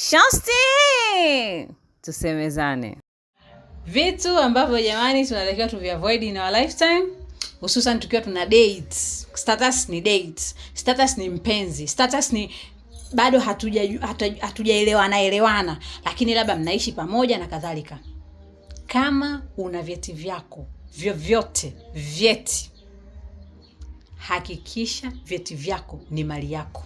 Shosti, tusemezane vitu ambavyo jamani tunatakiwa tuviavoid in our lifetime, hususan tukiwa tuna date. Status ni date, status ni mpenzi, status ni bado hatuja hatujaelewana elewana, lakini labda mnaishi pamoja na kadhalika. Kama una vyeti vyako vyovyote, vyeti, hakikisha vyeti vyako ni mali yako.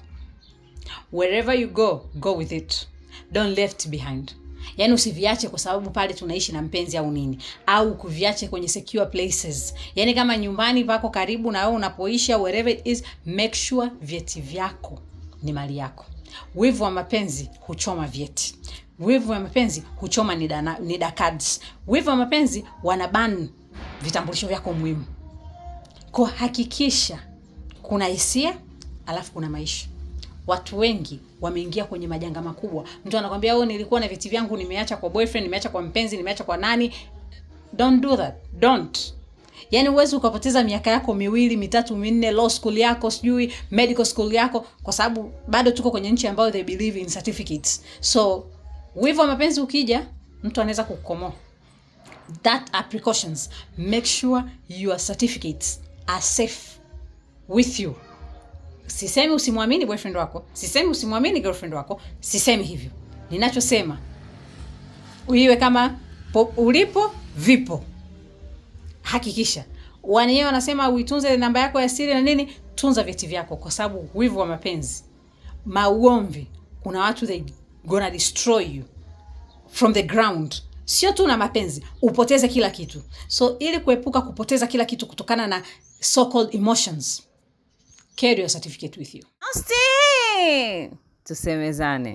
Wherever you go, go with it. Don't left behind. Yaani usiviache kwa sababu pale tunaishi na mpenzi au nini, au kuviache kwenye secure places. Yaani kama nyumbani pako karibu na wewe unapoishi au wherever it is, make sure vyeti vyako ni mali yako. Wivu wa mapenzi huchoma vyeti. Wivu wa mapenzi huchoma NIDA cards. Wivu wa mapenzi wanaban vitambulisho vyako muhimu. Kwa hakikisha kuna hisia alafu kuna maisha watu wengi wameingia kwenye majanga makubwa. Mtu anakwambia wewe, oh, nilikuwa na vyeti vyangu nimeacha kwa boyfriend, nimeacha kwa mpenzi, nimeacha kwa nani. Don't do that, don't. Yani uwezi ukapoteza miaka yako miwili mitatu minne, law school yako sijui medical school yako, kwa sababu bado tuko kwenye nchi ambayo they believe in certificates. So wivu wa mapenzi ukija, mtu anaweza kukomoa. That are precautions. Make sure your certificates are safe with you. Sisemi usimwamini boyfriend wako, sisemi usimwamini girlfriend wako, sisemi hivyo. Ninachosema uiwe kama po, ulipo vipo. Hakikisha wanyewe wanasema uitunze namba yako ya siri na nini, tunza vyeti vyako, kwa sababu wivu wa mapenzi, mauomvi, kuna watu they gonna destroy you from the ground. Sio tu na mapenzi, upoteze kila kitu. So ili kuepuka kupoteza kila kitu kutokana na so called emotions carry your certificate with you. Austin, Tusemezane.